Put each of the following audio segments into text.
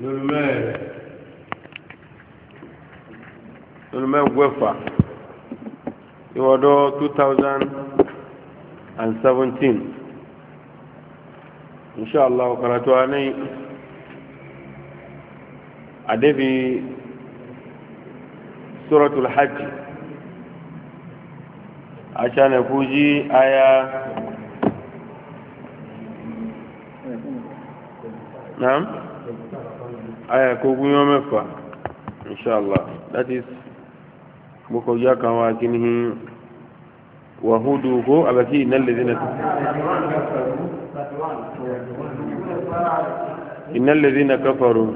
lónìí mẹ́wẹ́fà ìwọ́dọ̀ two thousand and seventeen inshallah karatu anai adebi suratul hajj acha na aya naam aya kò gúnyọ́ mẹ́fà inshallah that is boko ya kan wa kinihi wa hudu ko abaki nan ladina إن الذين كفروا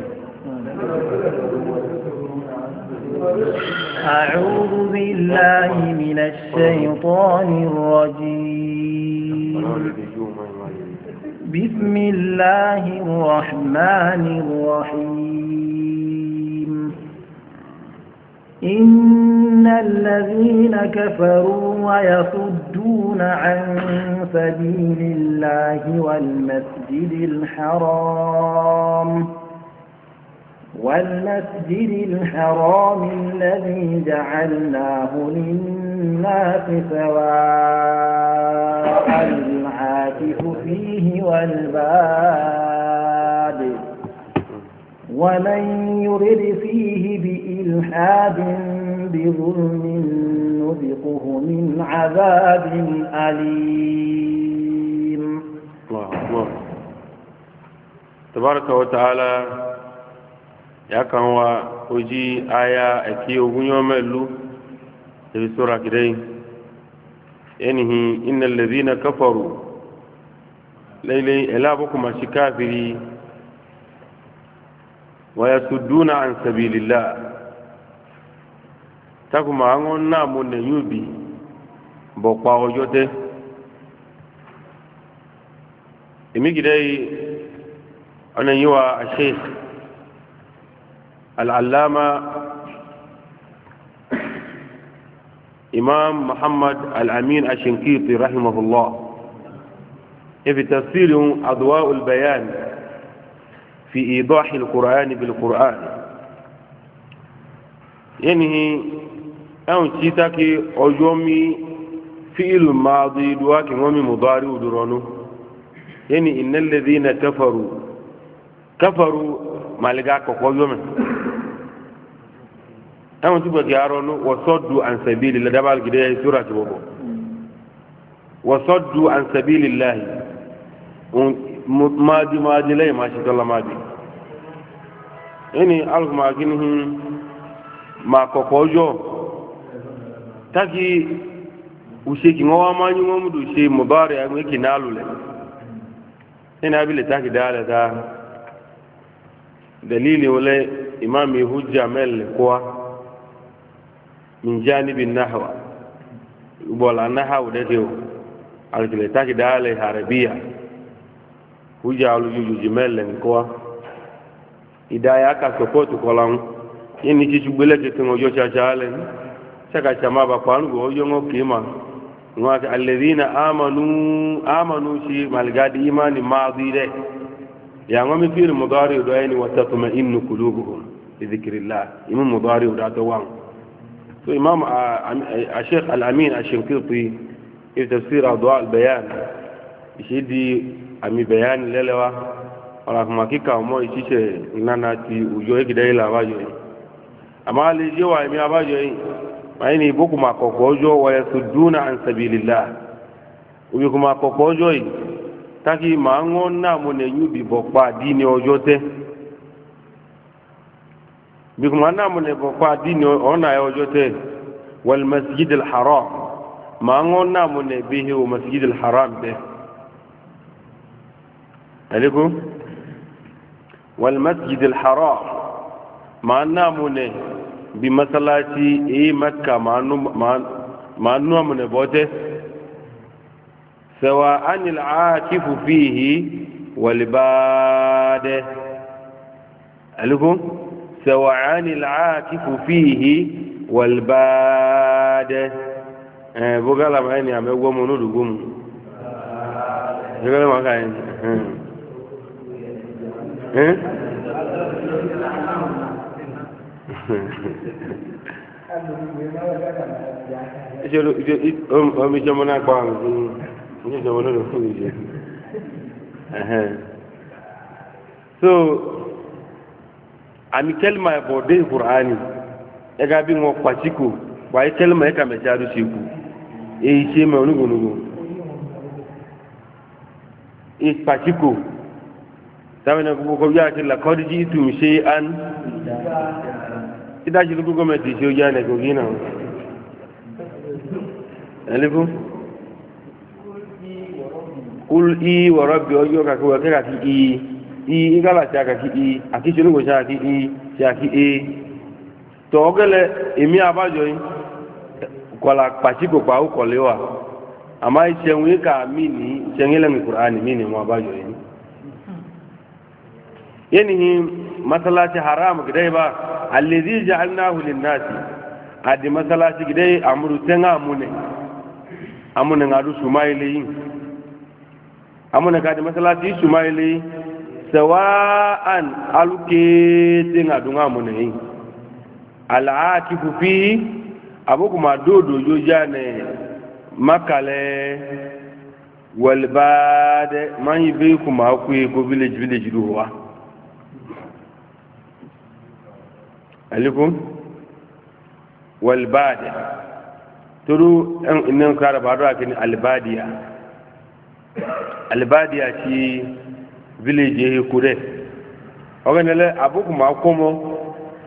أعوذ بالله من الشيطان الرجيم بسم الله الرحمن الرحيم إن الذين كفروا ويصدون عن سبيل الله والمسجد الحرام والمسجد الحرام الذي جعلناه للناس سواء فيه والباد ومن يرد فيه بإلحاد بظلم نذقه من عذاب أليم الله أكبر تبارك وتعالى يا هو وجي آية أكي وغنيو ملو في سورة كدين إنه إن الذين كفروا lailai elabu kuma shi kafiri wa yasudduna an sabilillah takuma angon na mo ne yubi bo pa ojo te imi gidai anan yiwa a imam muhammad al'amin a rahimahullah في تفسير أضواء البيان في إيضاح القرآن بالقرآن ينهي أو تشيتاكي أجومي في ماضي دواك ومي مضاري درانو يعني إن الذين كفروا كفروا مالغاك وقوزومي أو تبقى يارونو وصدوا عن سبيل الله دبال قدية سورة بابو وصدوا عن سبيل الله maadi maadi lẹ́yìn máa ṣe dọ́là maadi ẹni alùpùpù akínní máa kọ̀kọ́ ọjọ́ táàkì òṣèkì wọn wá máa ń yí wọn múdù ṣe mọ̀bárẹ̀ àwọn èkì náà lulẹ̀ ẹni abilẹ̀ táàkì dáadáa dáa dalili wọlé imam hujja mẹ́lẹ̀ kọ́wa min janibi nahwa bọ́lá nahwa dẹ́tẹ̀ o alùpùpù táàkì dáadáa uja alujuju jimele nkoa idaya aka support kolan yini chichu gbele kete ngojo chachale chaka chama ba kwanu go yo ngo kima ngwa alladhina amanu amanu shi malgadi imani madire ya ngomi fil mudari do ayni wa tatma'innu qulubuhum bi dhikrillah imam mudari da to wan so imam الشيخ الامين الشنقيطي في تفسير اضواء البيان يشدي ami bayani lelewa ọ̀rọ̀ àfọ̀mà kíkà ọmọ ìṣiṣẹ́ ìlànà ti òjò ẹ̀gìdẹ́ ilà abájọ yìí àmọ́ alẹ́ jẹ́ wà mí abájọ yìí wáyé ni ìbókùnmá kọ̀kọ́ ọjọ́ wọ̀nyẹ tó dúnà ànsẹ̀bìlìlà òbíkùnmá kọ̀kọ́ ọjọ́ yìí tákì màá ń wọ́n náà mo nà ẹ̀yún bìbọ̀ pa àdí ni ọjọ́ tẹ́ bìkùnmá náà mo nà ẹ̀bọ̀ pa àdí ni ọ̀nà ọjọ́ tẹ́ wọ́n masjid haram màá ń wọ́n náà mo nà ẹ̀bí aliku wal masjid al haram ma namu ne bi masallaci e makka ma nuwa mu ne bote sawa anil akifu fihi wal bade aliku sawa anil akifu fihi wal bade eh bugala ma ni ame gwomo nudu gwomo Ìgbẹ́lẹ́mọ̀ omi jọmọ náà pa so ami kelma bɔ de qur'ani ɛga bi ŋɔ kpatsiko wa ye kelma ye kame tsa do si ku eyi tse ma onugonugo ikpatsiko. sáwọn ẹgbẹ́ gbogbo yóò àti làkọ́dí jí tùm ṣe án ìdájí ló gbogbo mẹ́tì ṣe ojú ànẹ́gbẹ́ ògì náà ẹlẹ́fún kúl í wọ̀rọ̀ bí ọjọ́ kàkí wọ́n kẹ́kà kí í í ìgbàlá ṣe àkàkí í àkíṣe ológun ṣe àkí í ṣe àkí é tọ́ ọ́gẹ́lẹ́ èmi àbájọ yìí kọ́lá pàṣípò pàákọ̀lẹ́wà àmọ́ ìṣẹ̀wé kà mí ní ìṣẹ̀wé lẹ́mìkùrá ni mí ni wọ́n àbájọ yìí yanihi masalaci haram gidai ba allazi ja'alnahu lin-nasi adi masalaci gidai amuru tenga amune amune ngadu sumaili amune kadi masalaci sumaili sawa'an aluke tenga dunga amune al'akifu fi abuku madodo yojane makale walbade man yibe kuma ku ko village village duwa alikum walbada turu nan kara ba da kini albadiya albadiya ci village kure oganele abuku ma komo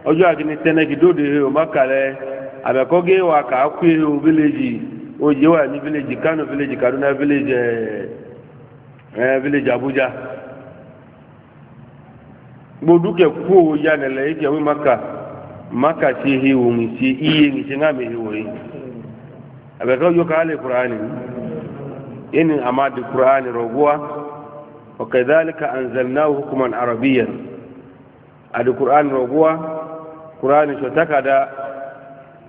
ojo agini teneki dode o makale abekoge wa ka ku o village o je wa ni village kano village kaduna village eh, eh village abuja gboduke ku o yanele ike wi makale maka ti hiwu mi ti iye mi ti ngami hiwu yi abeka yo kale qur'ani yani amadi qur'ani rogwa wa kadhalika anzalnahu hukman arabiyyan adi qur'ani rogwa qur'ani so takada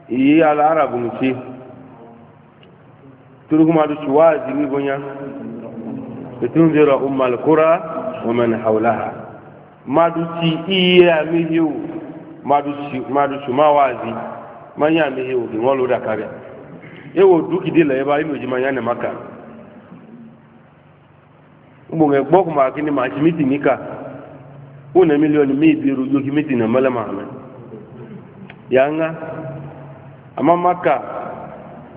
iye al arabu mi ti turuguma du chuwazi mi bonya tunzira ummal qura wa man hawlaha madu ti iye mi madusu mawazi manya mi hewo bi wọn lo da kare ewo dukidi la eba ilo ji manya ne maka ugbo nge gbọ kuma kini ma ci miti mika una milioni mi biru yoki miti na mala maame Yanga, nga ama maka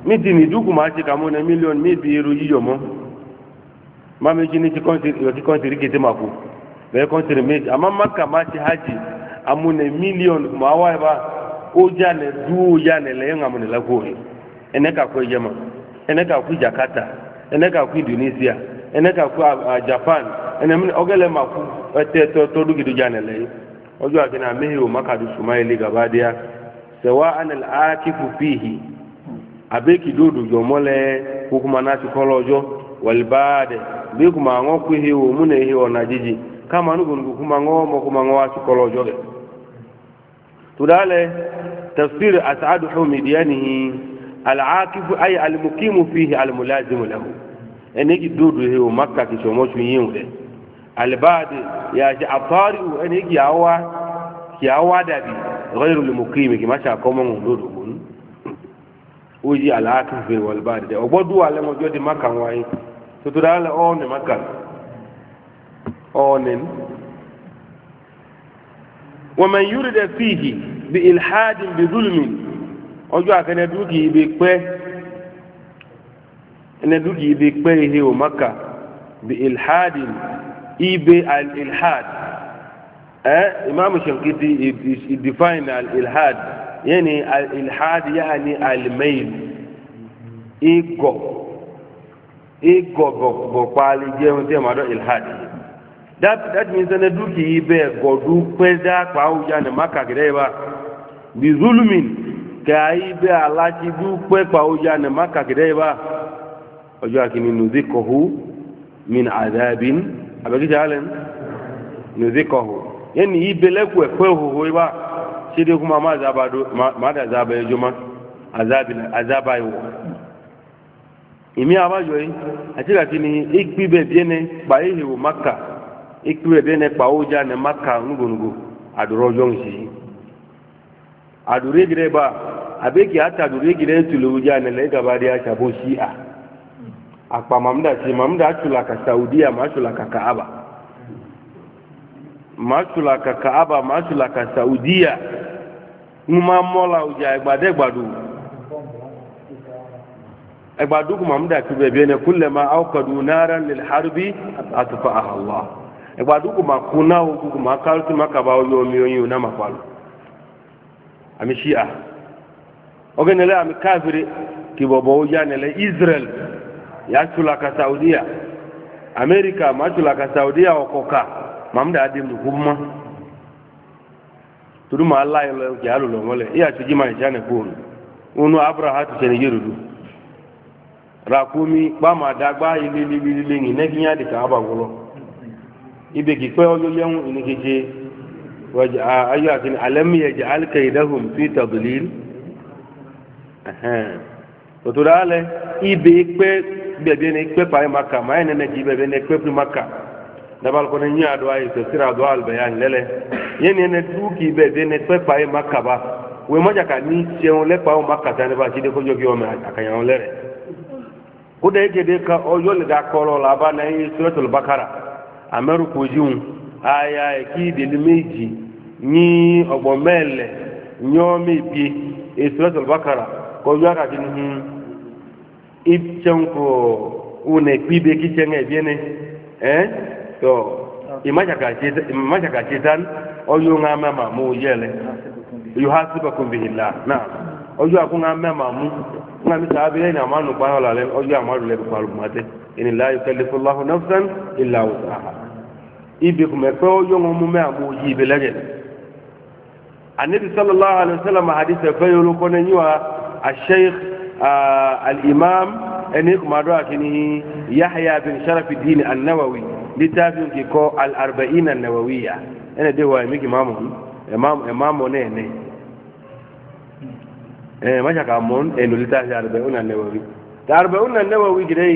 miti ni duku ma ci kamo na milioni mi biru yiyo mo ma mi jini ci konsiri yoki konsiri kiti maku bẹẹ kọntiri méjì àmọ maka má ti hajj amune million mawai ba o jane du jane le nga mun la koi ene ka ko jama ene ka ku jakarta ene ka ku indonesia ene ka ku japan ene mun ogele ma ku te to to du gidu jane le ojo akina mehi o maka du sumaili gabadia sawa'an al-akifu fihi abeki dodo jomole hukuma nasi kolojo walbade bi kuma ngo ku hi o mun hi o kama nugo nugo kuma ngo mo kuma ngo asikolojo تلالة تفسير أسعد حميديانه العاكف أي المقيم فيه الملازم له أنيجي دودو هو مكة كشموش ميوم له البعد يا عطاري أنيجي هوا كيوا دبي غير المقيم كما شاء كومون دودو بون ويجي العاكف والبعد ده وبدو على موجود مكة واي تلالة أون مكة أونن ومن يرد فيه بإلحاد بظلم أجو أكن دوكي بيكوي أن دوكي بيكوي هو مكة بإلحاد إيبي الإلحاد أه؟ إمام الشنقيطي define الإلحاد يعني الإلحاد يعني الميل إيجو إيجو بقبالي جيهم تيما دو إلحاد that that means na duki ibe godu peda kwa uja ne maka greba bi zulmin ka ibe alachi du pe kwa uja ne maka greba ojo akini nuzikohu min adhabin abagi jalen nuzikohu yani ibe le ku ekwe hoho iba sidi kuma ma zabado ma da zaba ejuma azabin azaba yo imi abajo yi eh? ati lati ni ikpibe biene pa ehewo maka ikú ẹ̀bẹ́ ní kpawo já ní maka ńgónugó àdúró jọ́ nsí àdúró egirẹ́ bá abéki ata àdúró egirẹ́ ntùlówó já ní lẹ́gàbá dé àṣàbó sí à àkpà màmúdà sí màmúdà àtúlà ka saudi à màtúlà ka kaaba màtúlà ka kaaba màtúlà ka saudi à ń má mọ́la ọjà ẹgbàdẹ́gbàdo ẹgbàdo kò màmúdà tó bẹ̀bẹ̀ ní kúlẹ̀ ma awkadu náírà lè harbi àtúfà àhàlá egbadu kuma kuna huku kuma kalti makaba oyo miyoyo na makwalo ami shia ogenele ami kafiri kibobo ujanele israel ya chula ka saudia amerika ma chula ka saudia okoka mamda adim kuma tuduma allah lo jalu lo mole iya tujima jane kun unu abraha tu sene yirudu rakumi ba ma dagba ilili ilili ni neginya dikaba golo ibegi kwe oyo yawon inigije ayyu akin alam yaj'al kaydahum fi tadlil to to dale ibe pe bebe ne pe pa maka ma ene ne ji bebe ne pe pri maka da bal ko ne nya do ay to sira do al bayan lele ne pe pa ba we moja ka ni seun le pa maka tan ba de ko jogi o lere ko de de ka o yo le da ko lo la ba na suratul bakara amẹ́rùkọ́jú aya ẹ̀kí ìdèlú méjì ní ọ̀gbọ̀n mẹ́lẹ̀ nyɔɔmi bie esirɛtɔ bakara kɔdu akati nu itsɛn kɔ wone kpibe kitsɛn ɛbie ne ɛn tɔ na ɔyɔ aku ŋa mɛma mu ŋa ìnìlá ìfẹ́lẹ́fọ́láhùn náfẹ́n ìlà òsàhà ibi kùmẹ̀fẹ́ ó yọ́n mú mẹ́ àmú yí ibi lẹ́gẹ̀ anabi sallallahu alayhi wa sallam hadith ẹ̀fẹ́ yóò lóko ní yíwa asheikh al-imam ẹni kùmàdó àkíní yahya bin sharafi dini annawawi littafin kíkọ al-arba'in annawawiya ẹni dé wa ẹ̀mí kìmáàmù ẹ̀máàmù náà ẹ̀ náà ẹ̀ máṣàkà mọ́ ẹ̀nù littafin arba'in annawawi ta arba'in annawawi gidai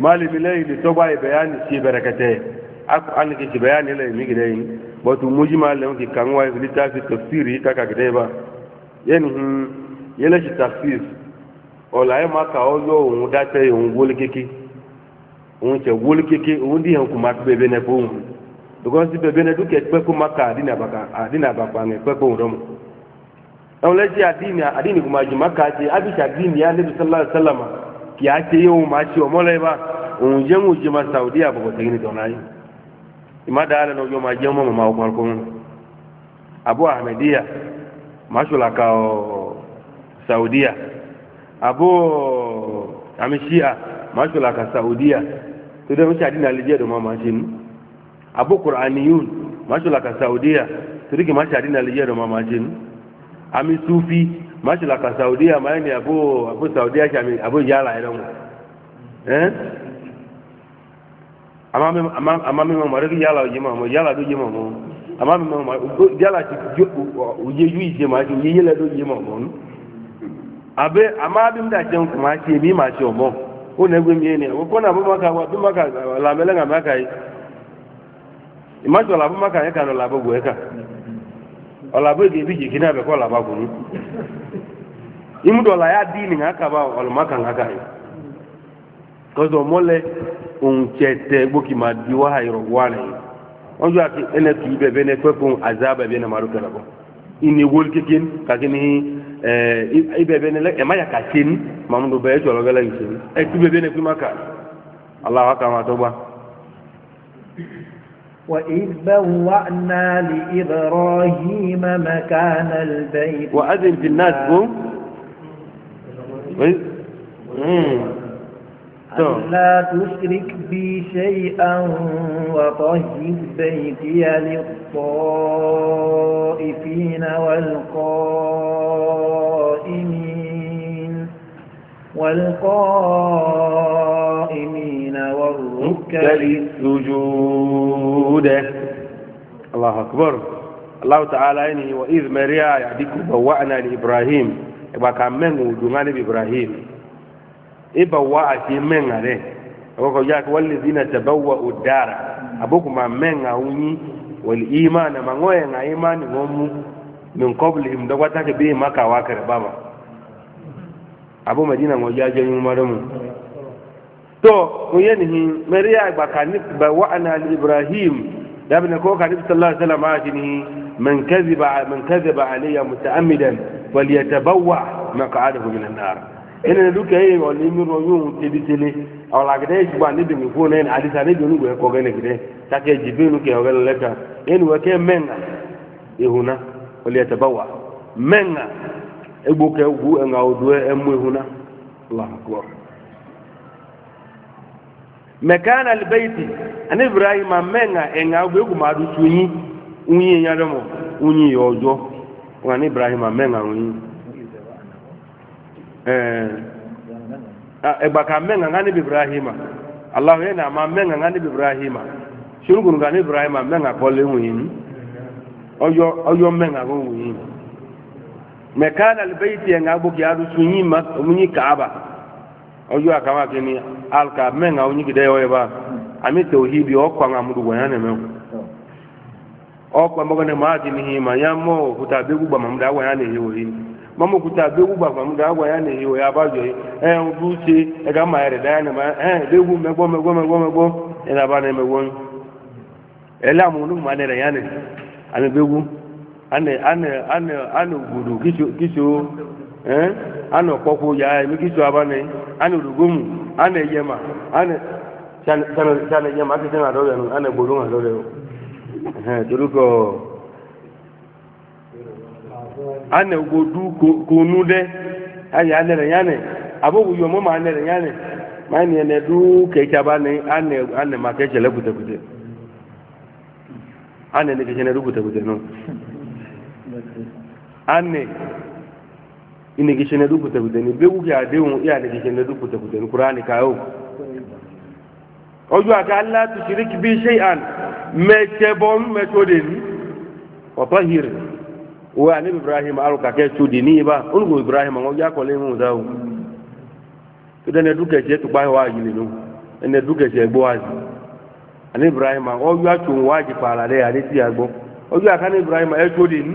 malimi lẹ́yìn lè tọ́gbà ìbẹ̀yàní sí ìbẹ̀rẹ̀kẹtẹ alìkè sí a na nígidẹ yìí bọ́tù mújímà lẹ́hùn kì kàn wá ìfìlí tàfi tafsiri kàkà gidẹ bá yẹni hun yẹlẹ sí tafsir ọ̀là ẹ̀ máa kà ọ́ yọ òun dátẹ́ òun wọlé kéke òun tẹ wọlé kéke òun dì hàn kò un kì á ṣe yóò máa ṣe ọmọlẹ́bà òun jẹ́ ń jẹ́ máa saudi àbọ̀kọ̀ tẹ́gí ní tọ́lá yìí ìmádà alẹ́ lọ́jọ́ máa jẹ́ mọ́mọ́ máa ọkùnrin kún un abu ahmediya maṣọlá ka ọ abu amishia maṣọlá ka saudiya tó dẹ́ ń ṣe àdínà alẹ́ jẹ́ ẹ̀dọ̀ máa máa ṣe nù abu kur'aniyun maṣọlá ka saudiya tó dẹ́ kì máa ṣe àdínà alẹ́ jẹ́ ẹ̀dọ̀ máa máa ṣe nù ami sufi mashi laka saudiya ma ne abu abu saudiya shi ami abu yala idan eh amma amma amma mun mara ki yala ji mamu yala do ji mamu amma mun mara yala ti uje yui je ma ti uje yala do ji mamu abe amma bin da jan kuma ce mi ma ce omo ko ne gwe mi ne ko na bu maka wa bu maka la melenga maka yi imajo la bu maka ya ka la bu gwe ka ọ̀làbọ̀ èdè bí jìkì náà bẹ̀kọ́ ọ̀làbà gùn ní ìmúdọ̀ ọ̀là yá dí nìyà kàbà ọ̀lùmọ́kà ńkà yìí kọ́sọ̀ mọ́lẹ̀ òun tẹ̀tẹ̀ gbókì máa di wáhà ìrọ̀ wá rẹ̀ wọ́n jọ àti ẹnẹ kì í bẹ̀bẹ̀ ẹnẹ pẹ́kùn àzá bẹ̀bẹ̀ ẹnẹ màrú kẹlẹ̀ bọ̀ ìní wọlé kékeré kàkí ní ibẹ̀bẹ̀ ẹnẹ ẹ̀ má yà kà sẹ́ni màmúdọ̀ bẹ̀ ẹ̀ tọ̀ lọ́gẹ́lẹ́ yìí وإذ بوأنا لإبراهيم مكان البيت وأذن في الناس بو طيب. ألا تشرك بي شيئا وطهر بيتي للطائفين والقائمين والقائمين والركع السجود الله أكبر الله تعالى إني وإذ مريا يعديك بوأنا لإبراهيم إبا كان من وجمال بإبراهيم إبا وأتي من عليه أبوكو جاك والذين تبوأوا الدار أبوك ما من أوني والإيمان ما نوين إيمان هم من قبلهم دواتك بهم ما كواكر بابا أبو مدينة وجاجة يوم مرمو to ko yen hin mariya ba kanif ba wa ana ibrahim da bin ko kanif sallallahu alaihi wasallam ajini man kadhiba man kadhaba alayya mutaammidan falyatabawwa maq'adahu min an-nar ina duka yi wa limi ro yun tibitili awla gade jiba ni dimi ko ne hadisa ne jonu go ko gane gide take jibinu ke ogala leta en wa ke menga ihuna falyatabawwa menga egbo ke ugu en ga odwe emu ihuna allah akbar mekana albaiti ani ibrahim menga enga gbe kuma du tunyi unyi nya domo unyi yojo ani ibrahim menga unyi eh egba eh, ka menga ngani ibrahim allah ma menga ngani ibrahim shuruguru ngani ibrahim menga kole unyi oyo oyo menga mekana enga adu ma ọjọ́ àkàwà kí ni alka mẹ́ngà onígidẹ́ ọ̀yẹ́ bá àmì tòhídì ọkọ̀ àwọn amúdùgbò yẹn nà mẹ́wọ̀n ọkọ̀ mọ́gànnà máa ti nìyí mà yá mọ́ òkúta abégúgbà màmúdà ya yẹn nìyí wòye mọ́mọ́ òkúta abégúgbà màmúdà àwọn yẹn nìyí wòye abájọ yìí ẹ̀ ń dú ṣe má ẹ̀ mẹ́gbọ́ ee eh? a na-akpọkwa ya aha emekitu a na-erugomu a na-enye a na enye ma na adọrịanụ eh, a na-egboro na adọrịanụ a na-egbodu a dẹ ayi anẹrẹ yanẹ abogu yọmọ ma anẹrẹ yanẹ ma ẹni ẹnẹ du kẹkẹ abane anẹ anẹ ma kẹkẹ lẹ a na ne kẹkẹ ne du kutekute nù inigishene du kutekuteni begu ki adehun iya inigishene du kutekuteni kurani kayo ojú àti aláàtúnṣiríkì bí ṣe àn mẹ́tẹ́bọ́n mẹ́tọ́dé ní ọ̀tọ́hìrì wọ́n à níbi ibrahim alùkàkẹ́ ṣòdì ní ibà onígbò ibrahim àwọn ọjọ́ akọ̀lẹ́ ìmú ìdáwó tó dẹ́nẹ́ dúkẹ̀ṣẹ́ tó páyọ̀ wá yìí nínú ẹnẹ́ dúkẹ̀ṣẹ́ gbọ́ wá sí àní ibrahim ọjọ́ àtúnwájì pààlà rẹ̀ àdé tí a gbọ́ ojú àkánì ibrahim ẹ̀ ṣòdì ní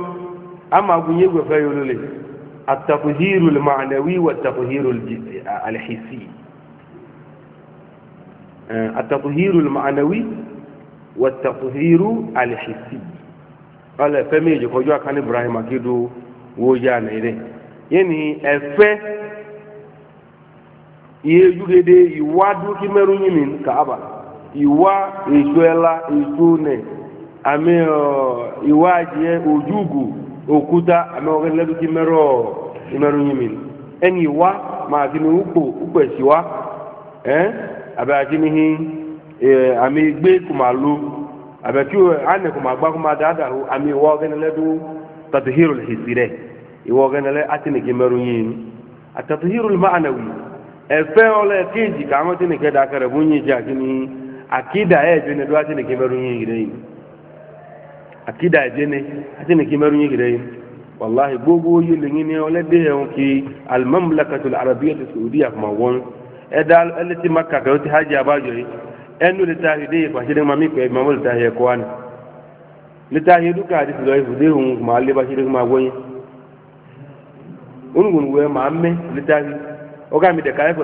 ama gunye gwefe yolole التطهير المعنوي والتطهير الحسي التطهير المعنوي والتطهير الحسي قال فمي جو جو كان ابراهيم اكيدو وجا نيره يعني افه yejugede iwa duki meru yimin kaaba iwa esuela esune ame iwa je ojugu òkúta àmì ọ̀gẹ́ lẹ́dún kí mẹ́rọ ìmẹ́rù yìí ẹni wá máa ni úpò úpò wá ẹ́ àbẹ̀ àti ni hin àmì gbé kò máa lu àbẹ̀ kí ànẹ̀ kò máa gbá kò máa dáadáa o àmì ìwọ ọ̀gẹ́ lẹ́dún tàtí hírò lè hìsì rẹ̀ ìwọ ọ̀gẹ́ àti kí mẹ́rù yìí hírò lè má ẹ̀fẹ́ ọlẹ́ kéèjì káwọn kẹ́ yìí jẹ́ àkídà akida jene ati ne kimaru nyi gidai wallahi gogo yi lingi ne ole de yon ki al mamlakatu al arabiyyah al saudiya kuma won edal alati makka ka yoti haji abajo yi enu le tahide ba shi de mami ko e mamul tahiye ko an le tahidu ka di lo ifu de hun ma le ba shi de ma won yi ungun we ma mi de kai ko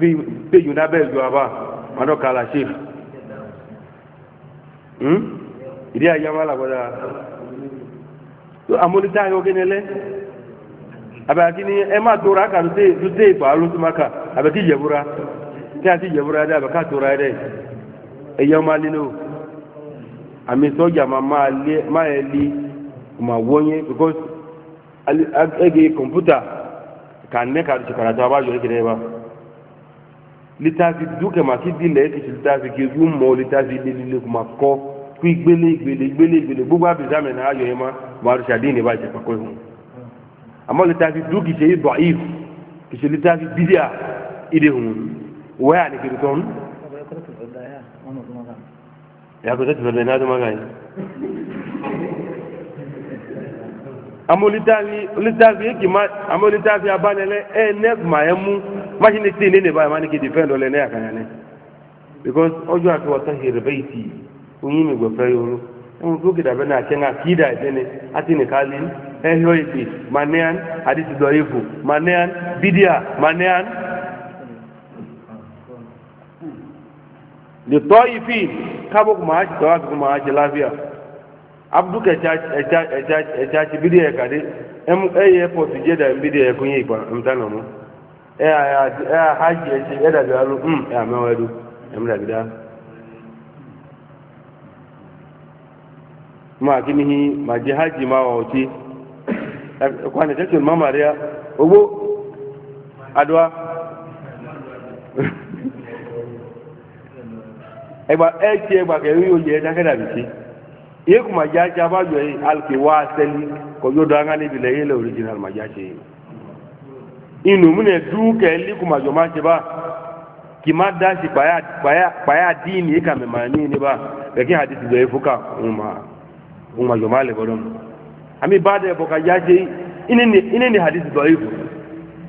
bí péjù nábẹ́ ìjọ àbá mọ́dọ́ka la ṣe ìdí ayé wọn làgbọ́dá tó amúnitá ayé ogé nílẹ̀ àbẹ̀kí ni ẹ má tóra kà dúdé ìgbà alóṣùmáka àbẹ̀kí ìjẹ̀búra tí a ti ìjẹ̀búra dẹ àbẹ̀ká tóra dẹ ẹ̀yẹ́ ọmọ alẹ́ náà àmì sọ́jà máa ẹ̀ lé ma wonye because ege computer kan ne ka ci karatu ba yo kire litafi duke maki dile ti litafi ki yu mo litafi dile le kuma ko ku igbele igbele igbele igbele gbogbo abizame na ayo ema maru shadini ba je pako hun amma litafi duki se yi da'if ki se litafi bidia ide hun wa ya ni ki ton ya ko ta tibada na do magani amolitavi eki ma amolitavi abanilɛ ɛnɛgma ɛmu machine ti ne ne ba ma ne ke defend ɔlɛ ne yakanya ne because ɔjɔ ati wɔtɔ here bɛyi ti oyin mi gbɛfɛ yoro ɛmu tó keda bɛ na akyɛ ŋa kida ɛdini ati ne ka li ɛhɛ eke manean adisi dɔ evo manean bidia ma manean le tɔ ifi kabo kuma ati tɔ ati kuma ati lafiya. abduk echachi e e e bido ya ka dị epọtụ jeda mbido ya kụnye ikpa mtana mụ ya ha ji eche edabialụ m ya mewedu emdabida ma kinihi ma je ji ma ọchi kwana tẹsán mama rẹ owó adua ẹgba ẹ ti ẹgba kẹrin yóò yẹ ẹdá ye kuma jaja ba jɔ ye alike waa seli ko jo do an ka ne bi la la original ma jace ye inu minɛ du kɛ li kuma jɔ ma se ba k'i ma da si kpaya kpaya kpaya di ni e ka mɛ ma ni ne ba bɛ kɛ hadisi dɔ ye fo ka n jɔ ma le bɔdɔn an bɛ ba bɔ ka jace i ne ni i ne ni hadisi dɔ ye fo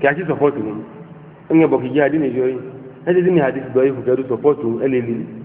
k'i a si sɔfɔ tugun n bɔ k'i jɛ a di jɔ ye ɛ ti ni hadisi dɔ ye fo k'i a di sɔfɔ tugun ɛ lili.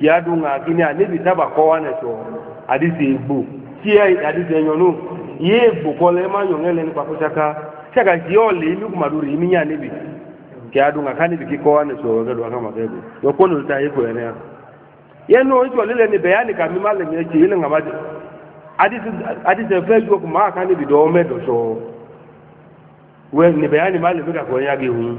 ya dunga kini anibi taba kowa adi so hadisi igbo ti hadisi enyonu ye igbo kole ma yongele ni pakusaka saka si ole imi kumaduri imi ya anibi ki adunga kani biki kowa na so ga do kama kebe yokono ta yiko ene ya yenu ojo lele ni bayani kami male ni eji ile adi hadisi hadisi fe jo kuma kani bi do medo so we ni bayani male bika ko yagi hu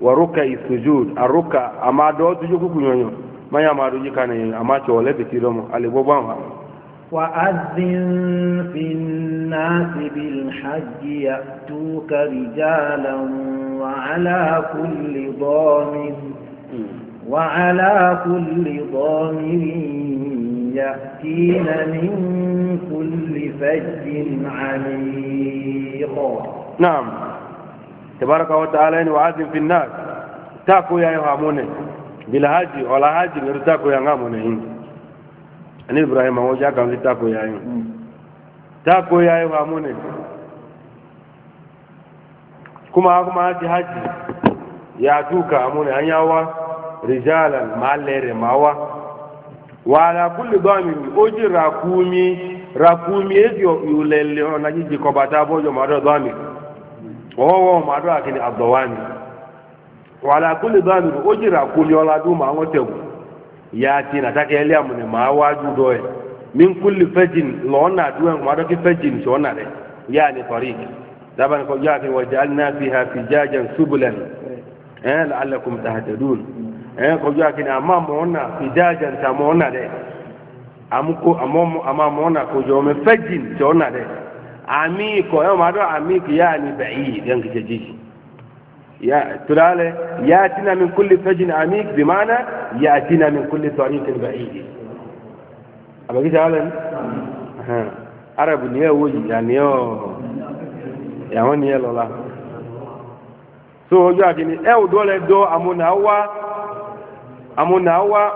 waruka isujud aruka ama do tuju ku nyonyo maya ma do jika ne ama cho le bitiro mo ale bo bwa wa azin fin nas bil hajj yatuka rijalan wa ala kulli dhamin wa ala kulli dhamin يأتين من كل فج عميق نعم tabaraka wa ta'ala ni wa'azin fi nas ta ko ya hamune bil haji wala haji ngi ta ko ya ngamune hin ani ibrahim wo ja kan ta ko ya hin hmm. ta ko ya hamune kuma kuma haji haji ya duka amune an yawa rijalan malere mawa wa ala kulli dhamin ujra kumi rakumi ezio yulele ona jiji ko bojo mado ọwọ́wọ́ màdó àkìní abdọ̀wání wàlá kúlè báàmì ó jìrà kúlè ọládú ma wọ́n tẹ̀wù ya ti na take ẹlẹ́ àmúni ma wájú dọ́ẹ̀ min kúlè fẹ́jìn lọ́nà àdúrà màdó kí fẹ́jìn sọ́nà rẹ̀ ni tọ́rí dábàá nìkan yá kí wọ́n jẹ́ fi ha fi jájà subulẹ̀ ẹ̀ làálẹ̀kùn kọjú àkìní àmà fi jájà tàmọ́nà rẹ̀ àmọ́ mọ́nà kọjọ́ mẹ́fẹ́jìn sọ́nà rẹ̀ amiko yau ma do amiko ya ni ba'id yan kike ji ya turale ya tina min kulli fajin amik bi ma'ana ya tina min kulli tariqin ba'id aba kike halan ha arabu ne wo ji ya ne o ya won ne lola so ojo akini e eh, o dole do amuna wa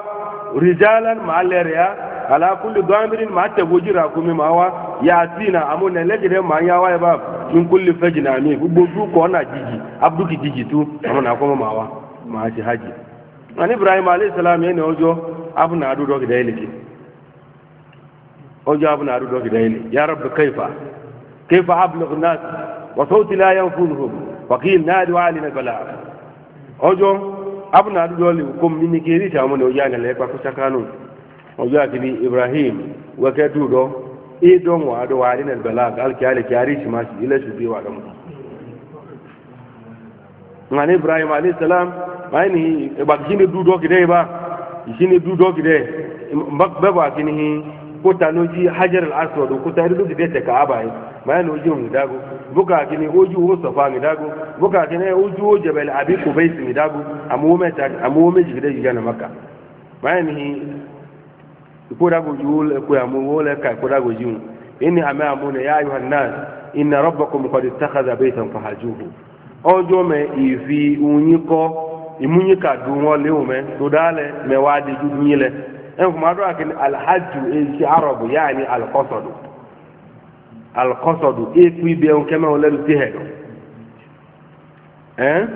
rijalan ma'alariya ala kulli dhamirin ma'a tawjira kumi ma'awa yatina amu na lejire ma nya wa ba min kulli fajin ami gbogbo du ko na jiji abdu ki jiji tu amu na ko ma wa ma ci haji an ibrahim alayhi salam yana ojo abu na adu dogi dai liki ojo abu na adu dogi dai liki ya rabb kaifa kaifa ablugh nas wa sawti la yanfuduhum wa qil nadu alina bala ojo abu na adu doli ko minni kiri ta amu ne ojo na le pa ko sakanu ojo akibi ibrahim wa ka e don wa do wa ni bala gal kyale kyari shi ma shi ila shi bi wa ga mu ngani ibrahim alayhi salam bayni e ba kini du do kide ba kini du do kide mbak ba ba kini ko tanoji hajar al aswad ko tari do kide ta kaaba yi bayani oji mu dago buka kini oji wo safa mi dago buka kini oji wo jabal abi kubais mi dago amu meta amu meji kide jiga na makka bayani ikodagoji wole kuyamu wole ka ikodagoji mu inni ame ne ya ayuha nnas inna rabbakum qad ittakhadha baytan fahajuhu ojo me ifi unyiko imunyika dunwo leume dodale me wadi judunyile en kuma do akin alhajju e si arabu yani alqasad alqasad e ku bi en kema wala tihedo eh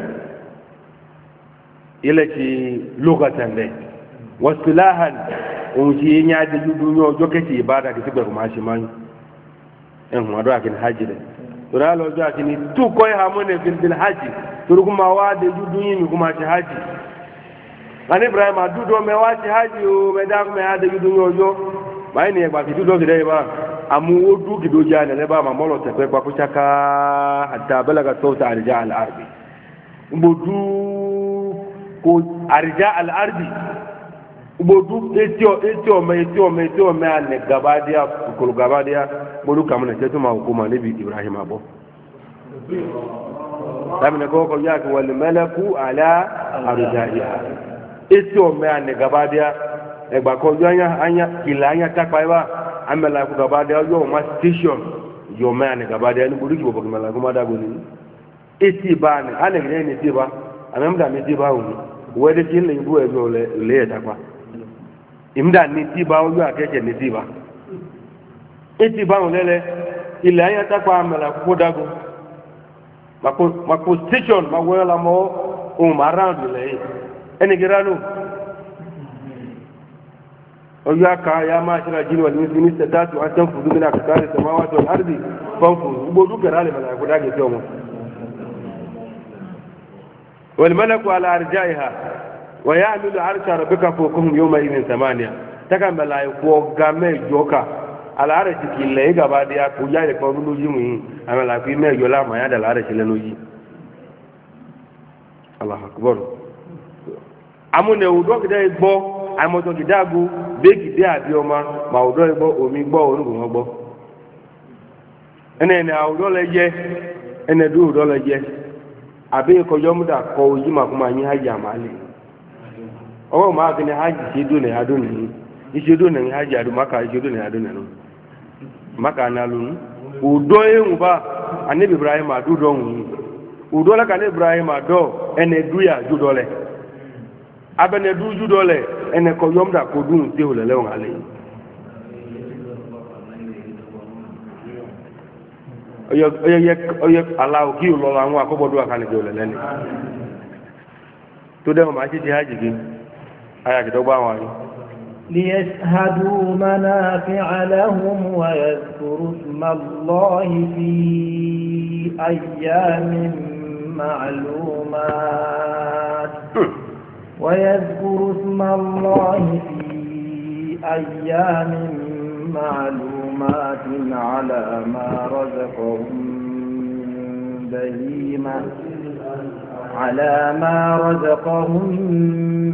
ile ki lugatan dai wasilahan ohun tí yẹn yá dé dúdú ní ọjọ́ kẹsì ìbára kìí sígbà kùmá ṣe máa ń ẹ̀hùn àdó àkìní hajj rẹ̀ torí àlọ́ ọjọ́ àkìní tú kọ́ ìhà mọ́ ní fìlìfìlì hajj torí kó máa wá dé dúdú yìí ní kó máa ṣe hajj. àní ibrahim àdúdú ọmọ ẹ wá ṣe hajj o mẹ́ta ọmọ dudu á dé dúdú ní ọjọ́ máa ní ẹgbàá kìí dúdú ọ̀kìdẹ́ yìí bá àmúwó dúkìdó já nílẹ̀ bá màmọ́lọ̀ tẹ̀pẹ́ pakúṣaká àtàbẹ́lẹ́gà sọ́ọ̀tà àrìjá àlárbi. gbogbo dúkò àrìjá àlárbi gbodu eti ome eti ome eti ome ane gabadia kukulu gabadia gbodu kamu ne tetu ma hukuma nebi ibrahim abo dami ne koko yaki wali meleku ala arujaiha eti ome ane gabadia egba kojo anya anya kila anya takpa iba amela ku gabadia yo ma station yo me ane gabadia ni gbodu ki bobo kimela kuma dago ni eti ba ane ane gine ni eti ba amemda mi eti ba unu wede kin le ibu ebe ole ile takpa ìmúdà ní tí bá ń yọ àkẹ́kẹ́ ní tí bá ní tí bá ń lẹ́lẹ́ ilẹ̀ ayé tápá àmàlà kó dágún màkó station ma wọ́n la mọ́ ohun ma round ilẹ̀ yìí ẹni gẹ́rẹ́ ló ọjọ́ àká ya máa ṣe ràjí wà ní mínísítà tààtù àtẹ́n fún gómìnà kàkà rẹ̀ sọ̀rọ̀ wájú àrùbí fọ́nfù gbogbo dúkẹ̀rẹ́ àlẹ́ màlà kó dágẹ̀ tí ọmọ wọ̀lùmọ́lẹ́kọ̀ọ́ alárìjá ìhà wa ya lulu arsha rabbika fokum yawma idin samaniya taka malaiku ga mejo ka alare ti kile gaba de aku ya de ko lulu mu amala ku mejo la ma ya da alare ti le loji allah akbar amune udo gida igbo amojo gida gu be gida abi oma ma udo igbo omi gbo orugun gbo ene ne udo le je ene du udo le je abi ko yomuda ko yi ma kuma yin haja male ọwọ́ a kí ni hajj ṣe dóni adó nìyí iṣẹ́ dóni ní hajj adó maka iṣẹ́ dóni adó nìyí maka na lónú ọdọ ehun bá anabi ibrahim adúdọ wùnyí ọdọ lẹ́ka anabi ibrahim ẹnẹ dúyà júdọ lẹ abẹnẹ dú lẹ kọ kó tí ò wọn ọyẹ ò حياك دوبا ba ليشهدوا منافع لهم ويذكروا اسم الله في أيام معلومات ويذكروا اسم الله في أيام معلومات على ما رزقهم من بهيمة على ما رزقهم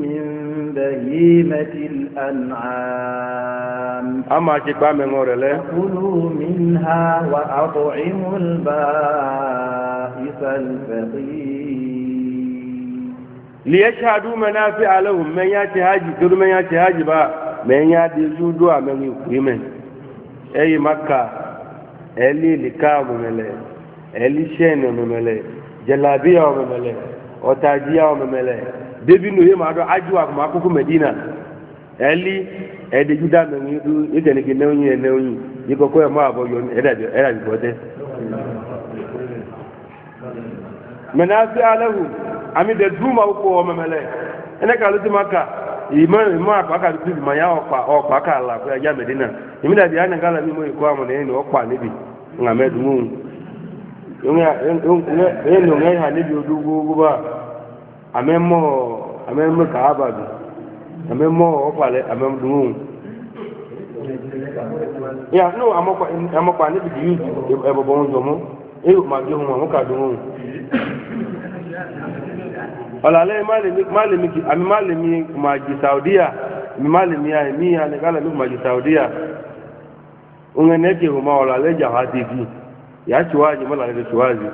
من بهيمة الأنعام أما كبا من غورله كلوا منها وأطعموا البائس الفقير ليشهدوا منافع لهم من ياتي هاجي كل من ياتي هاجي با من ياتي يجودوا من يقيمن أي مكة ألي لكام مملة ألي شين مملة جلابية مملة أتاجية مملة debinu ye maa ma aju a kuma koko medina ɛli ɛdi juda mɛŋi du ekele ke nɛwonyi yɛ nɛwonyi yi ko kɔɛ mɔ bụ yɔn ɛda bi ɛda bi bɔ mɛna se alɛhu ami de du ma ko wɔ mɛmɛ ɛnɛ ka luti ma ka ìmọ̀ ìmọ̀ àpáka tuntun ya la fún ẹja mẹ́dínà èmi dàbí yá nìkan lẹ́nu mọ̀ ìkọ́ àmọ̀ nìyẹn ní ọ̀pá bi, amẹ́mọ́ amẹ́mọ́ kàábàbì amẹ́mọ́ ọ̀pàlẹ̀ amẹ́mọ́dúnrún yà ní àmọ́pàá níbi yìí ẹ̀bọ̀bọ̀ ń jọmọ́ èyí máa jẹ́ ohun àmúkà dúnrún ọ̀làlẹ́ àmì má lè mi máa jì saudiya mi má lè mi àìmí àlẹ́gálẹ̀ mi máa jì saudiya òun ẹ̀ nẹ́kẹ̀ẹ́ òun máa ọ̀làlẹ́ jà wá dé bí yà á ṣíwájú mọ́làlẹ́ ṣíwájú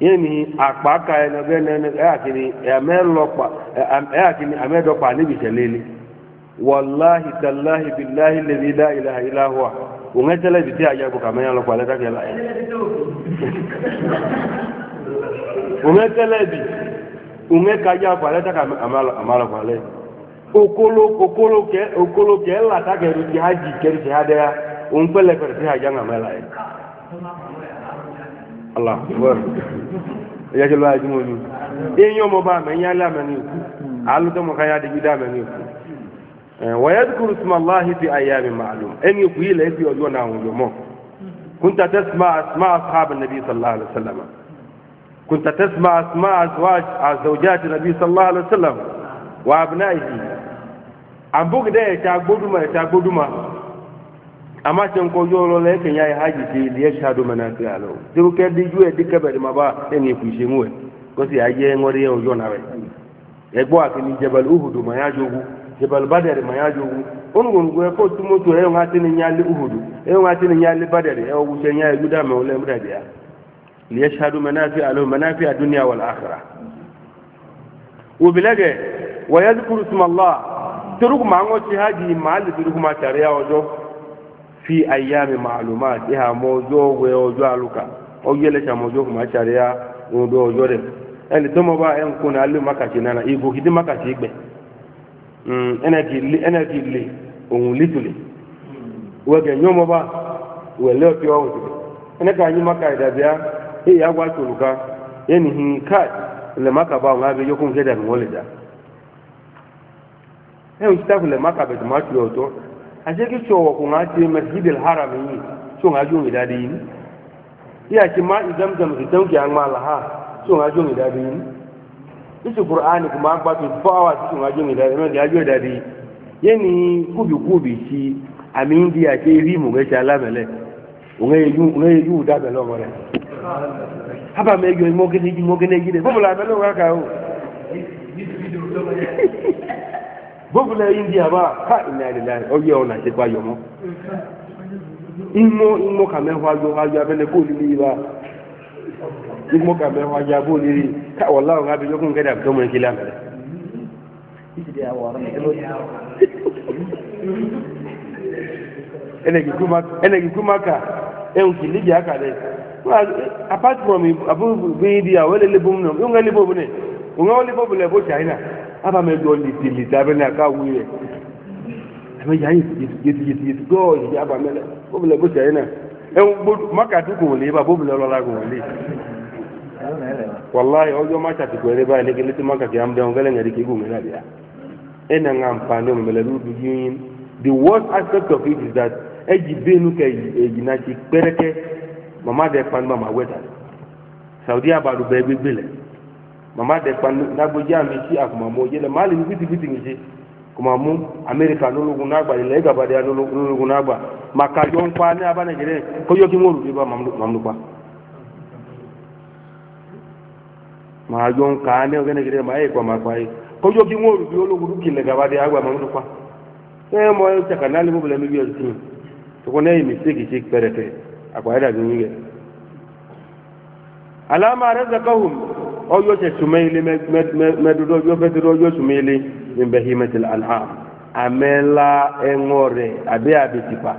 yéèni àkpàkà yẹn lọgbẹ nẹni e ẹyàkini ẹmẹlọpa ẹyàkini e, e ẹmẹdọpa níbi ìṣẹlẹni wàláhi tàláhi bìláhi lẹbi ilá ilá ilá wa òun ẹtẹlẹ bi tí a kó kàmẹ la lẹ okolo okolo kẹ okolo kẹ Allah ya ke lọ́wọ́ ajúmọ́ ni èyàn ọmọ bá mẹ́yìn alámẹ́ni alùtọ́mọ̀ káyà dìgbì dámẹ́ni wọ́yẹ́ kúrò sí aláhi fi àyà mi màálù ẹni òkú yìí lẹ́yìn fi ọjọ́ náà wọ́n yọmọ́ kúnta tẹ́símà àsìmá àfáàbì nàbí sallallahu alaihi wasallam kúnta tẹ́símà àsìmá àzọjáàtì nàbí sallallahu alaihi wasallam wà abúnáyìí àbúgidẹ́ ẹ̀ta gbódùmá ẹ̀ta gbódùmá amma can ko yoro la yake yayi haji ce da ya shado mana fi alo duk ke di juwe duk ka bari ma ba sai e ne ku shi muwe ko sai aje ngori yo yo na bai e gbo akini jabal uhud ma ya jogu jabal badar ma ya jogu on gon go ko tumo to e ngati ni nyali uhud e ngati ni nyali badar e wu se nyali guda ma wala muda biya li yashhadu manafi alo manafi ad-dunya wal akhirah wa bilage wa yadhkuru isma turuk ma ngochi haji ma li turuk ma tariya ojo fi ayami maalumat iha mojo we ojo aluka ogele cha mojo kuma charia odo ojo de eni to mo ba en kun alu makati nana igo kidi makati igbe mm energy li energy li ohun litule wege nyomo ba we le opi o ene ka nyi makai da bia e ya gwa tuluka eni hin ka le makaba ngabe yokun keda ngole da e o staff le makabe ma tulo to aseki cowa ko ŋa te masjid alharam yi so ŋa joŋi dadi yin iya ci ma idamdam itam ki aŋma laha so ŋa joŋi dadi yin isi qur'ani kuma gba to fo awa so ŋa joŋi dadi ma ya jo dadi yeni kubi kubi ci amin dia ke ri mu ŋa ci alamele ŋa ye yu ŋa ye yu da belo mo re haba me yo mo gene ji mo gene ji de bo la belo ka bóbulẹ̀ india bá ká ìnà ìrìnlẹ̀ ọyẹ́ ọ àṣepá yọmọ́ ìmọ̀ ìmọ̀ kàmẹ́wàá yọ ayọ abẹ́lẹ̀ kó lílé ibà ìmọ̀ kàmẹ́wàá yọ abó lílé káwọ̀ láwọn abẹ́lẹ́kùn kẹ́dà ya mọ̀ ìkílẹ̀ ya ẹnẹ̀kì kì apart from náà náà náà aba mɛ dɔ li deli ta bɛ na ka wi yɛ ɛmɛ yan yetiyetigeti dɔɔ yeti aba mɛ lɛ o bila bó sɛyɛ na ɛn bo makati kò ba bó bila lɔla kò walayi ɔjɔ ma tati ba yɛ ne kele ti makati am dɛn o gɛlɛ ŋɛri k'e kò la bi ya ɛ na ŋa nfa ne mɛ lɛ lu du yin the worst aspect of it is that ɛdzi benu kɛ ɛdinati kpɛrɛkɛ mama de kpanu ma ma wɛ ta saudi abadu bɛɛ gbegbe lɛ mama de kpan nagbeji ami si akumamu yele maali mi biti biti ngi kumamu amerika n'ologun n'agba yele egaba de n'ologun n'agba maka yɔ nkpa ne aba negere ko yɔ ki ŋo olùdí ba mamlukpa ma yɔ nka ne oge negere ma ye kpa ma kpa ye ko yɔ ki ŋo olùdí ologun duki le gaba agba mamlukpa ee mɔ ye caka mo e bela mi bi yɔ si tɔgɔ ne ye mi se pɛrɛtɛ akpa yɛ da bi yɛ alama rɛ hum ọjọ́ tẹ sùmẹ́lẹ́ mẹ́dúdọ́ ọjọ́ fẹ́ dúdọ́ ọjọ́ sùmẹ́lẹ́ níbẹ̀ himetil anam amẹ́la ẹ̀ńọ́ rẹ̀ àbí àbẹ̀tìpa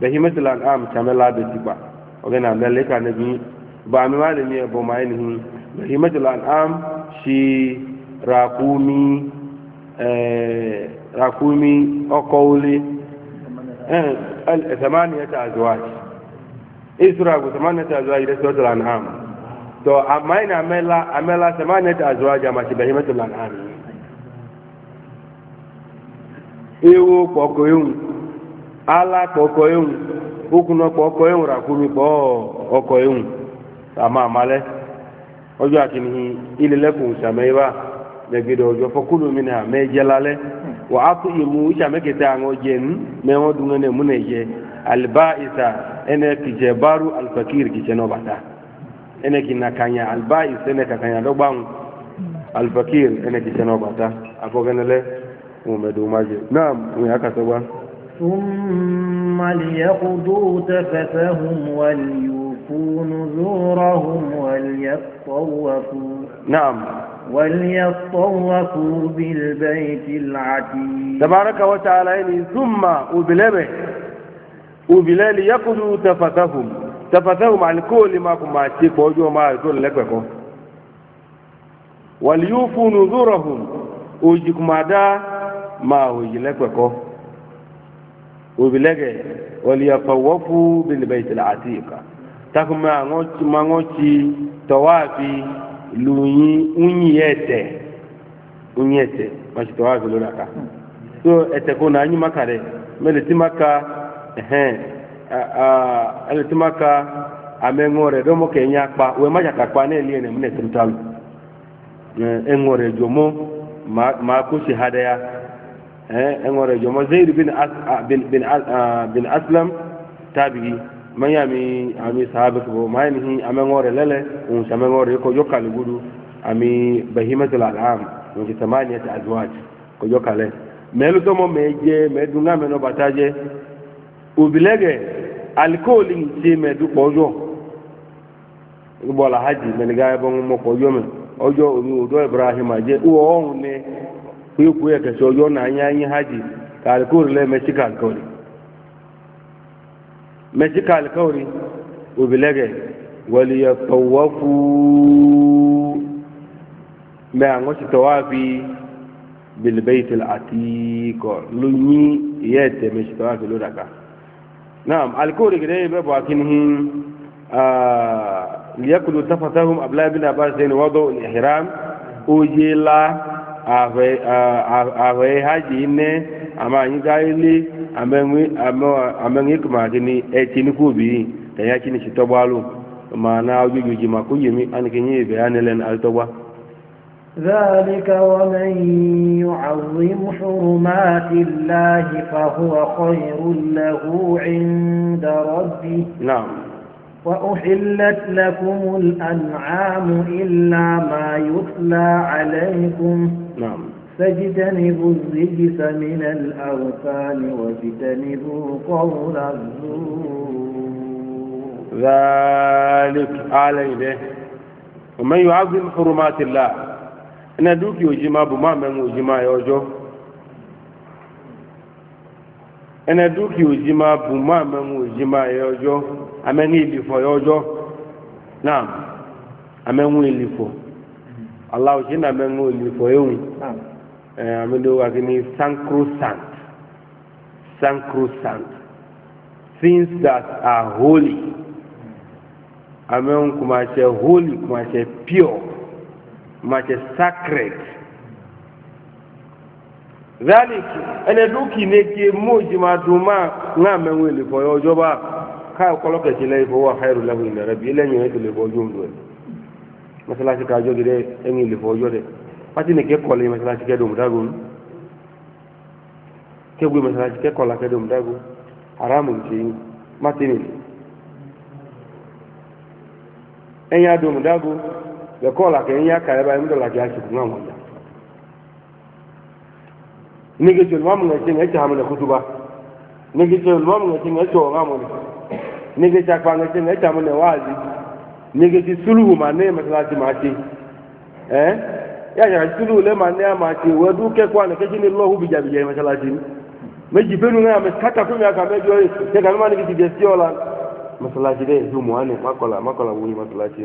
bẹ̀ himetil anam sàmẹ́la àbẹ̀tìpa ọ̀gẹ́ nà mẹ́lẹ́ kà níbi bá mi wá lè ní ẹ̀bọ̀ máa ń hin bẹ̀ himetil anam ṣe ràkúmi eh, ràkúmi ọkọ̀ wọlé eh, ẹ̀ẹ́dẹ̀sẹ̀mánìyẹ tààzọ́wájì ìṣúra àgùsẹ̀mánìyẹ tààzọ́wájì rẹ̀ sọ́tọ̀ anam. to amma ina amela amela samaniyat azwaja ma shibahimatu lan an ewo kpɔkɔ yewu ala kpɔkɔ yewu okunɔ kpɔkɔ yewu rakumi kpɔ ɔkɔ yewu ama ama lɛ ɔjɔ akini ililɛkun samɛ ba dɛgɛdɛ ɔjɔ fɔkulu mi na mɛ jɛla lɛ wa aku imu isamɛ kete aŋɔ jɛnu mɛ ŋɔ dunu ne mu ne jɛ aliba isa ɛnɛ kitsɛ baru alifakiri kitsɛ nɔbata. ene ki nakanya albais ene kakanya dogbaŋ alfakir ene ki seno bata afogenele umedumaje naam uyakasogba ثم ليقضوا تفثهم وليوفوا نذورهم وليطوفوا نعم وليطوفوا بالبيت العتيق تبارك وتعالى ثم وبلبه وبلال يقضوا تفثهم tafasahu malikoli ma kuma ci ko jo ma to le ko wal yufu nuzurahum oji kuma da ma oji le ko o bilege wal yatawafu bil bait al atiq takuma ngochi ma ngochi tawafi luyi unyete unyete ma ci tawafi lura ka so ete ko na nyi makare mele ti maka ehe alitimaka eh, eh, eh, amengore domo kenya kpa we maja kakpa ne liye ne mune timtalu engore jomo ma ma kusi hadaya eh engore jomo zaid bin as ah, bin bin, ah, ah, bin aslam tabi'i man mi ami sahabe ko ma ni amengore lele un samengore ko jokal gudu ami bahimatul al'am un ki tamaniyat azwaj ko jokale melu tomo meje medunga meno bataje ubilege alikóòlì ń tse mẹ dukpɔ ɔjɔ bɔla hajj mɛniga yɛ bɔ ŋmɔ kɔ ɔjɔ mɛ ɔjɔ omi odɔ ibrahima jɛ wɔ ɔhun nɛ kuyekú yɛ kɛsɛ ɔjɔ n'anyi anyi hajj ka alikóòlì lɛ mɛsika alikóòlì mɛsika alikóòlì òbí lɛgɛ wàlíyà tɔwɔfu mɛ àŋɔ si tɔwáfi bilibɛyitil ati kɔ lu nyi yɛ tɛ mɛsi tɔwáfi ló dàgbà na'am alkawari gida ya bai bakin hin liyakudu tafatahum abdullahi bin abbas sai wado ihram ujila ahwe haji ne ama yin gaili amen hikima gini e tini kubi ta ya kini shi tobalo ma na ojujuji ma kuyemi an kinyi bayanin len altogba ذلك ومن يعظم حرمات الله فهو خير له عند ربه نعم وأحلت لكم الأنعام إلا ما يتلى عليكم نعم فاجتنبوا الرجس من الأوثان واجتنبوا قول الزور ذلك عليه ومن يعظم حرمات الله ẹnẹ dúkì òjìmá bù má mẹ́rin òjìmá ẹ ọjọ́ ẹnẹ dúkì òjìmá bù má mẹ́rin òjìmá ẹ ọjọ́ amẹ́ni ìlìfọ̀ ẹ ọjọ́ náà amẹ́rin ìlìfọ̀ aláwọ̀ tí náà mẹ́rin ìlìfọ̀ ẹ̀hún ẹ̀ amẹ́dọ́wà kí ni sancrosant sancrosant things that are holy amẹ́rin kùmà ṣe holy kùmà ṣe pure mace sacred zalik ene duki ne ke moji ma duma nga menwe le boyo joba ka kolo ke jile bo wa khairu lahu inda rabbi ile nyo eto le boyo ndo masala ti ka jo gire eni le boyo de pati ne ke kole masala ti ke do mudagun ke gwe masala ti ke kola ke do mudagun haramu ti matini enya do mudagun lẹ́kọ́ làkẹ́ ń yá kàyẹ́ báyìí ń dọ̀ làkẹ́ àṣìkò náà wọ̀nyá. nege tsɔ lɔmɔ ŋa tse ŋa tse hame le kutuba nege tsɔ lɔmɔ ŋa tse ŋa tse wɔ hame le nege tse akpa ŋa tse ŋa tse hame le waazi nege tse suluhu ma ne masalasi ma tse ɛɛ yaya suluhu le ma ne ma tse wɔ du kɛ kɔ ne kɛse ne lɔhu bidzabidza masalasi ni mɛ dzi penu ŋa mɛ kata fi mi aka mɛ dzɔ ye kɛ kami ma nege tse dze si ɔ la masalasi de du mu ani makɔla makɔla wuli masalasi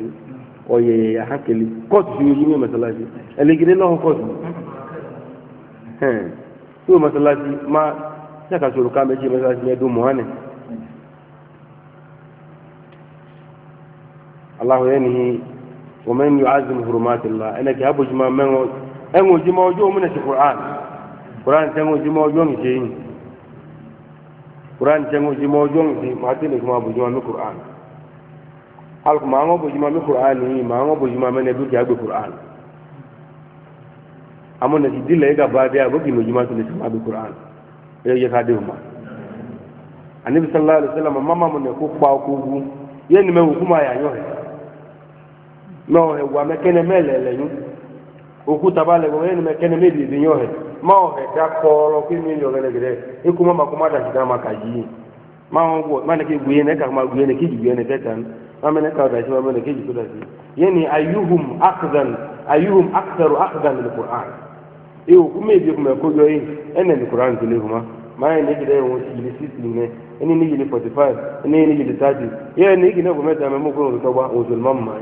ọ̀yẹ̀yẹ̀ àhákẹ́lẹ́ kóòtù fi yín ní mọ́sálásí ẹlẹ́gidẹ́ náà kóòtù yóò mọ́sálásí máa ṣàkàṣọ̀rọ̀ ká méjì mọ́sálásí ẹ̀dùn mọ́hánẹ̀ aláhùn yẹn nìyí wọ́n yóò azim alùpùpù màá ŋọ́ bòjúmọ́ mi kur'an yìí màá ŋọ́ bòjúmọ́ mẹ́ni dúkìá gbé kur'an àmọ́ nàti dìlẹ̀ yìí ka bá bẹ́ẹ̀ àgọ́ kìnnìún jùmọ́ tó lè sọ ma gbé kur'an yóò ma anabi sallallahu alayhi wa sallam mama mu ne ko kpawo ko wu yéen mɛ wò kuma yà nyɔ hɛ mɛ taba lɛ wò yéen mɛ kɛnɛ ka ma ke guye ne ka ma guye ne ke ju ne amene ka da shi ma mana keji kuda shi yani ayyuhum aqdan ayyuhum aktharu aqdan lil qur'an e o kuma bi kuma ko yo yin ene lil qur'an kile kuma ma yin ne kida yon shi lisis ne ene ni yili 45 ene ni yili 30 ye ne gina kuma da mu ko to ba o zulman ma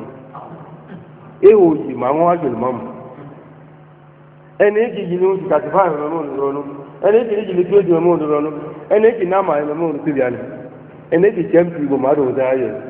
e o shi ma wa zulman ene ki yili 35 mo ndo no ene ki yili 20 mo ndo no ene ki na ma mo ndo ene ki champion go ma do da ye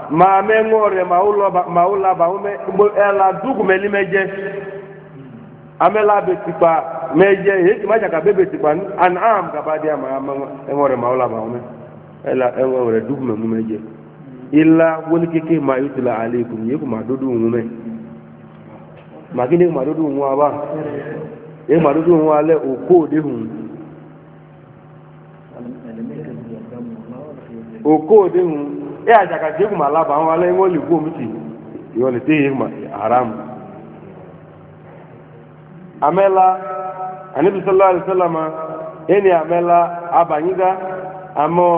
ma me ŋore ma ulo ba ma ula ba ume ela dugu meli meje amela betipa meje hiki macha ka bebe tipa anam ka badia ma ŋore ma ula ba ume ela ŋore e dugu me meje illa woni keke ma yutla alaikum yeku ma dodu ngume magine ma dodu ngwa ba e ma dodu ngwa le oko de hun oko de hun e àjàkà tí ma alábà wọn alẹ́ wọn lè gbó omi tì ìwọ lè tẹ́ èkùmà haram. amẹ́la anibisọ́lá alẹ́sọ́lámà ẹni amẹ́la abànyídá amọ́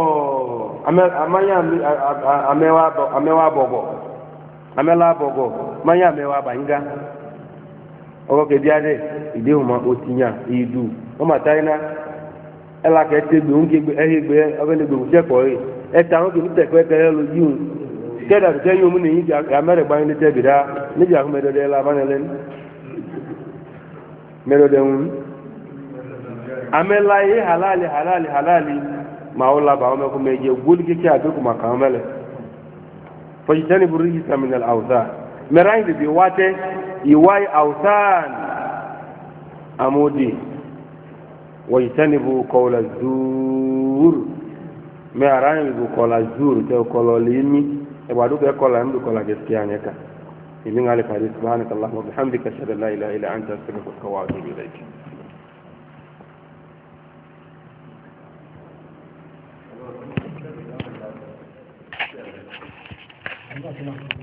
amẹ́yà amẹ́wà bọ̀gọ̀ amẹ́la bọ̀gọ̀ mẹ́yà amẹ́wà abànyídá ọkọ̀ kẹbi adé ìdéhùnmá otinya ìdù ọmọ àtàyínà ẹlà kẹtẹ gbẹ̀hún kẹgbẹ ẹhẹgbẹ ọbẹ̀ lẹgbẹ̀hún sẹ́kọ̀ọ́ yìí. ɛta ŋo kìí tẹ̀ pẹ́ẹ́kẹ́ lọ yíw kẹ́dà tó tẹ́yìn omi nìyí amẹ́rẹ̀ gbani ní tẹ́bi dá níjà kó mẹ́tọ́ dẹ́ la bani lẹ́nu mẹ́tọ́ dẹ́ ŋun amẹ́la yé halali halali halali màá wọ́n la bàwọn mẹ́kọ́ mẹ́ jẹ gbóli kékeré àti kò mà kàn mẹ́lẹ̀ fọ́jìtẹ́ni burú yìí sàmìnà àwùsá mẹ́ra yìí bìbí wáté ìwá àwùsá àmúdi wọ́jìtẹ́ni burú kọ́wọ́lá zuuru mɛ aran go kɔla zur tɛ kɔlɔ limi ɛbadu kɛ kɔla mi kɔla gaskiya ne kan ibi ŋali fari subhanak allahumma wa bihamdika ashhadu an la ilaha illa anta astaghfiruka wa atubu ilayk Thank you.